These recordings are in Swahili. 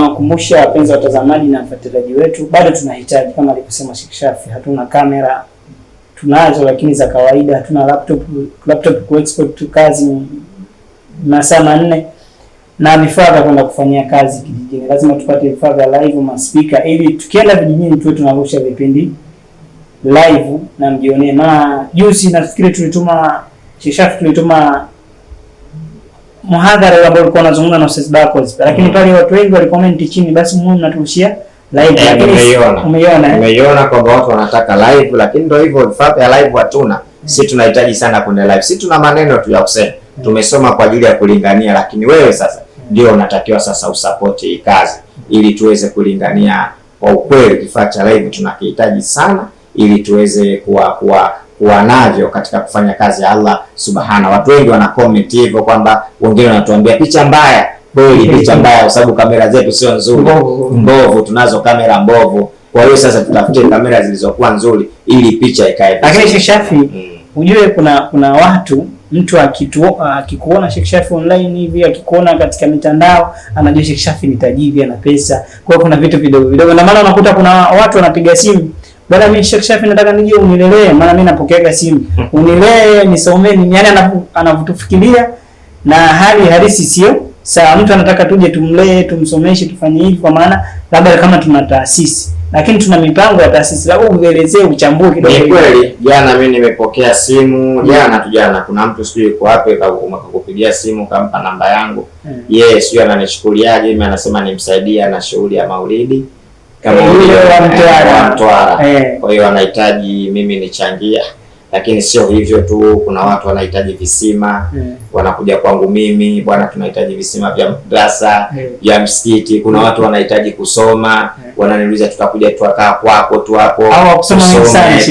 nawakumbusha wapenzi watazamaji na mfatilaji wetu, bado tunahitaji kama alivyosema Sheikh Shafi, hatuna kamera tunazo lakini za kawaida, hatuna laptop. Laptop ku export kazi masaa manne na vifaa vya kwenda kufanyia kazi kijijini, lazima tupate vifaa vya live, speaker, ili tukienda vijijini tuwe tunarusha vipindi live na mjionee. Na juzi nafikiri tulituma Sheikh Shafi tulituma muhadhara ambao ulikuwa unazungumza na Ustaz Bako, lakini mm. pale watu wengi walicomment chini, basi muhimu natuhusia live, eh, lakini umeiona, eh? umeiona kwamba watu wanataka live, lakini ndio hivyo, vifaa ya live hatuna sisi. Tunahitaji sana kwenda live, sisi tuna maneno tu ya kusema, tumesoma kwa ajili ya kulingania, lakini wewe sasa ndio unatakiwa sasa usapoti hii kazi ili tuweze kulingania. Kwa ukweli, kifaa cha live tunakihitaji sana ili tuweze kuwa kuwa wanavyo katika kufanya kazi ya Allah subhana. Watu wengi wana comment hivyo kwamba wengine wanatuambia picha mbaya. Kweli picha mbaya, kwa sababu kamera zetu sio nzuri, mbovu, tunazo kamera mbovu. Kwa hiyo sasa tutafute kamera zilizokuwa nzuri ili picha ikae. Lakini Sheikh Shafi, mm. ujue kuna kuna watu mtu akikuona Sheikh Shafi online hivi, akikuona katika mitandao, anajua Sheikh Shafi ni tajiri, ana pesa. Kwa hiyo kuna vitu vidogo vidogo, na maana unakuta kuna watu wanapiga simu Bwana mimi Sheikh Shafi nataka nije unilelee, maana mimi napokeaga simu. Unilee nisomee ni yani anavyotufikiria na hali halisi sio sawa. Mtu anataka tuje tumlee, tumsomeshe, tufanye hivi kwa maana labda kama tuna taasisi. Lakini tuna mipango ya taasisi. Labda uelezee uchambue kidogo. Ni kweli jana mimi nimepokea simu, jana tu jana kuna mtu sijui yuko wapi akakupigia simu kampa namba yangu. Hmm. Yes, yeye ananichukuliaje mimi anasema nimsaidia na shughuli ya Maulidi kama yule wa Mtwara Mtwara. Eh. Kwa hiyo wanahitaji mimi nichangia, lakini sio hivyo tu, kuna watu wanahitaji visima e, wanakuja kwangu mimi, bwana, tunahitaji visima vya madrasa eh. vya e, msikiti. Kuna watu wanahitaji kusoma e, wananiuliza tutakuja tukakaa kwako tu hapo tufanye.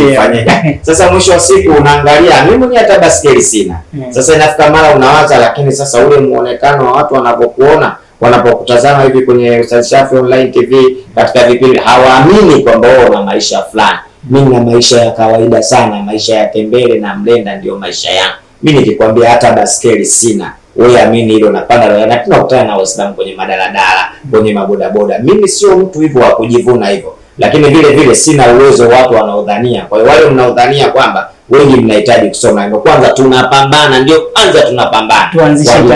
Sasa mwisho wa siku unaangalia, mimi mwenyewe hata baskeli sina e. Sasa inafika mara unawaza, lakini sasa ule muonekano wa watu wanapokuona wanapokutazama hivi kwenye Ustadh Online TV katika vipindi, hawaamini kwamba wao na maisha fulani. Mimi na maisha ya kawaida sana, maisha ya tembele na mlenda ndio maisha yangu. Mimi nikikwambia hata baskeli sina, wewe amini hilo. Napanda na tunakutana na Waislamu kwenye madaladala, kwenye mabodaboda. Mimi sio mtu hivyo wa kujivuna hivyo, lakini vile vile sina uwezo watu wanaodhania. Kwa hiyo wale mnaodhania kwamba wengi mnahitaji kusoma. hivyo. kwanza tunapambana, ndio kwanza tunapambana,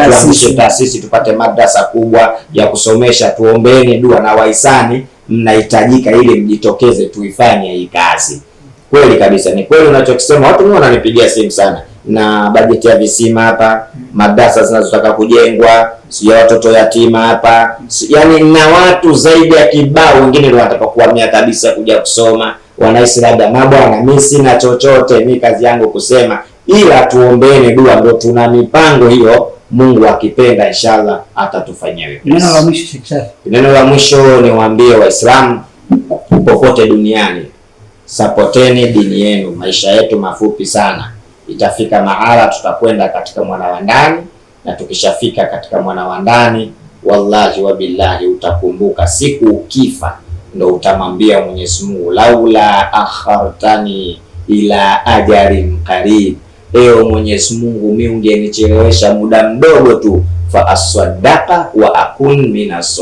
tuanzishe taasisi tupate madrasa kubwa ya kusomesha. Tuombeeni dua na wahisani mnahitajika, ili mjitokeze tuifanye hii kazi. Kweli kabisa, ni kweli unachokisema. Watu mimi wananipigia simu sana na bajeti ya visima hapa, madrasa zinazotaka kujengwa, si ya watoto yatima hapa, yaani na watu zaidi ya kibao, wengine ndio wanataka kuhamia kabisa kuja kusoma wanahisi labda mabwana, mimi sina chochote, mimi kazi yangu kusema, ila tuombeeni dua, ndio tuna mipango hiyo. Mungu akipenda inshallah atatufanyia wepesi. Neno la mwisho shekhe. Neno la mwisho niwaambie Waislamu popote duniani, sapoteni dini yenu. Maisha yetu mafupi sana, itafika mahala tutakwenda katika mwana wa ndani, na tukishafika katika mwana wa ndani, wallahi wabillahi, utakumbuka siku ukifa ndo utamwambia Mwenyezi Mungu, laula akhartani ila ajarin qarib, ewe Mwenyezi Mungu, mi ungenichelewesha muda mdogo tu, fa aswadaka wa akun minas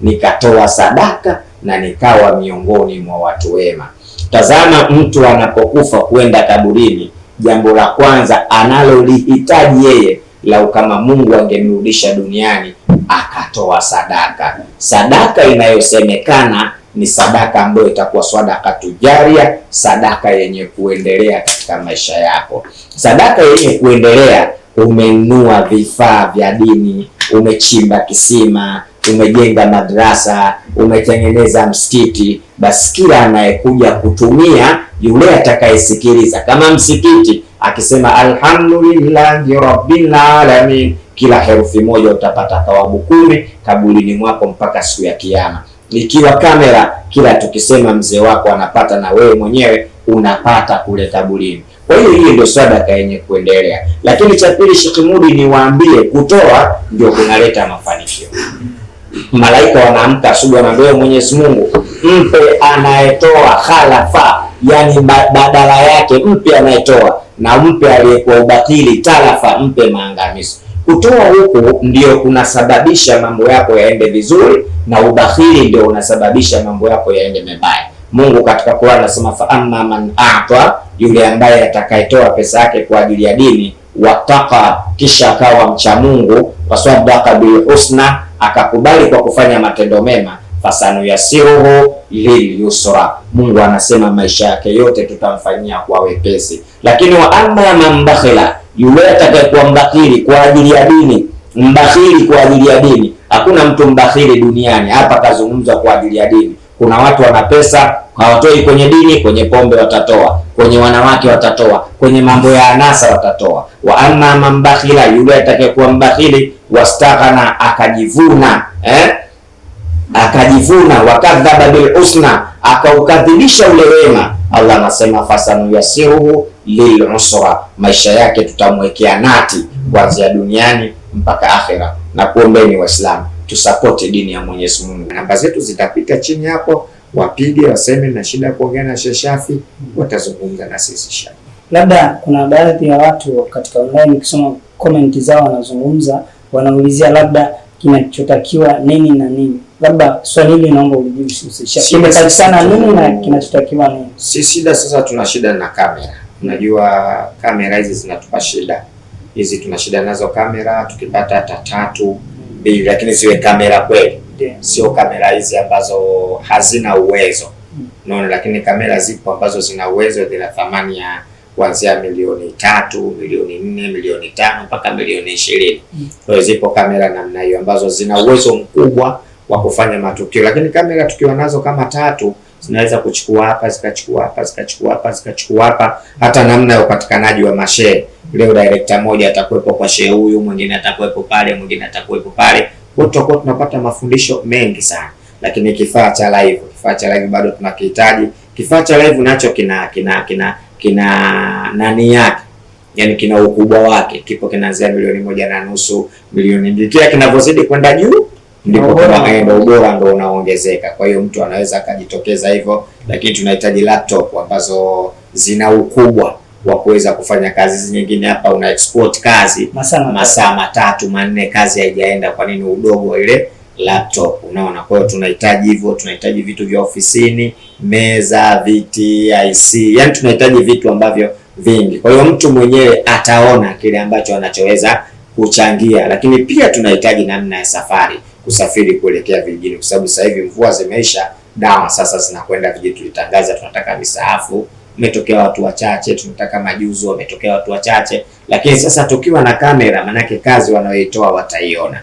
nikatoa sadaka na nikawa miongoni mwa watu wema. Tazama, mtu anapokufa kwenda kaburini, jambo la kwanza analolihitaji yeye lau kama Mungu angemrudisha duniani akatoa sadaka. Sadaka inayosemekana ni sadaka ambayo itakuwa sadaka tujaria, sadaka yenye kuendelea katika maisha yako. Sadaka yenye kuendelea, umenunua vifaa vya dini, umechimba kisima, umejenga madrasa, umetengeneza msikiti. Basi kila anayekuja kutumia, yule atakayesikiliza, kama msikiti akisema alhamdulillahi rabbil alamin, kila herufi moja utapata thawabu kumi kaburini mwako mpaka siku ya Kiyama. Ikiwa kamera, kila tukisema mzee wako anapata na wewe mwenyewe unapata kule kaburini. Kwa hiyo hii ndio sadaka yenye kuendelea. Lakini cha pili, Sheikh Mudi, niwaambie kutoa ndio kunaleta mafanikio. Malaika wanaamka asubuhi, anaambia Mwenyezi Mungu, mpe anayetoa khalafa yani badala yake mpe anayetoa na mpe aliyekuwa ubatili tarafa, mpe maangamizo. Kutoa huku ndio kunasababisha mambo yako yaende vizuri, na ubatili ndio unasababisha mambo yako yaende mabaya. Mungu katika Qur'an anasema fa amma man a'ta, yule ambaye atakayetoa pesa yake kwa ajili ya dini, wataka, kisha akawa mcha Mungu, wasadaka bil akakubali kwa kufanya matendo mema fasano yasiruhu lil yusra, Mungu anasema maisha yake yote tutamfanyia kwa wepesi. Lakini wa amma man bakhila, yule atakayekuwa mbakhili kwa ajili ya dini, mbakhili kwa ajili ya dini. Hakuna mtu mbakhili duniani, hapa kazungumzwa kwa ajili ya dini. Kuna watu wana pesa hawatoi kwenye dini, kwenye pombe watatoa, kwenye wanawake watatoa, kwenye mambo ya anasa watatoa. wa amma man bakhila, yule atakayekuwa mbakhili wastaghana, akajivuna eh? akajivuna, wakadhaba bil husna, akaukadhibisha ule wema, Allah anasema fasanuyasiruhu usra, maisha yake tutamwekea nati kuanzia duniani mpaka akhera. Na kuombeni Waislamu tusapoti dini ya Mwenyezi Mungu. Namba zetu zitapita chini hapo, wapige waseme, na shida ya kuongea na Sheikh Shafi, watazungumza na sisi Shafi. Labda kuna baadhi ya watu katika online kusoma comment zao wanazungumza, wanaulizia labda kinachotakiwa nini na nini labda swali hili naomba ulijihusisha, kimepatikana nini na kinachotakiwa nini? Si shida. Sasa tuna shida na kamera, unajua kamera hizi zinatupa shida hizi, tuna shida nazo kamera, tukipata hata tatu mbili, lakini ziwe kamera kweli, sio kamera hizi ambazo hazina uwezo hmm. naona, lakini kamera zipo ambazo zina uwezo, zina thamani ya kuanzia milioni tatu, milioni nne, milioni tano mpaka milioni ishirini. Hmm. Kwa hiyo zipo kamera namna hiyo ambazo zina uwezo mkubwa wa kufanya matukio, lakini kamera tukiwa nazo kama tatu zinaweza kuchukua hapa zikachukua hapa zikachukua hapa zikachukua hapa, hata namna ya upatikanaji wa mashe. Leo director moja atakuwepo kwa shehe huyu, mwingine atakuwepo pale, mwingine atakuwepo pale, kwa tutakuwa tunapata mafundisho mengi sana. Lakini kifaa cha live, kifaa cha live bado tunakihitaji. Kifaa cha live nacho kina kina kina kina nani yake, yani kina ukubwa wake, kipo kinaanzia milioni moja na nusu, milioni mbili, kila kinavyozidi kwenda juu ndipo ndo ubora ndo unaongezeka. Kwa hiyo mtu anaweza akajitokeza hivyo, lakini tunahitaji laptop ambazo zina ukubwa wa kuweza kufanya kazi. nyingine hapa una export kazi masaa matatu manne, kazi haijaenda. Kwa nini udogo wa ile laptop? Unaona, kwa hiyo tunahitaji hivyo, tunahitaji vitu vya ofisini, meza, viti, IC, yani tunahitaji vitu ambavyo vingi. Kwa hiyo mtu mwenyewe ataona kile ambacho anachoweza kuchangia, lakini pia tunahitaji namna ya safari kusafiri kuelekea vijijini, kwa sababu sasa hivi mvua zimeisha, dawa sasa zinakwenda vijijini. Tulitangaza tunataka misaafu, umetokea watu wachache, tunataka majuzo, umetokea watu wachache. Lakini sasa tukiwa na kamera, manake kazi wanayoitoa wataiona.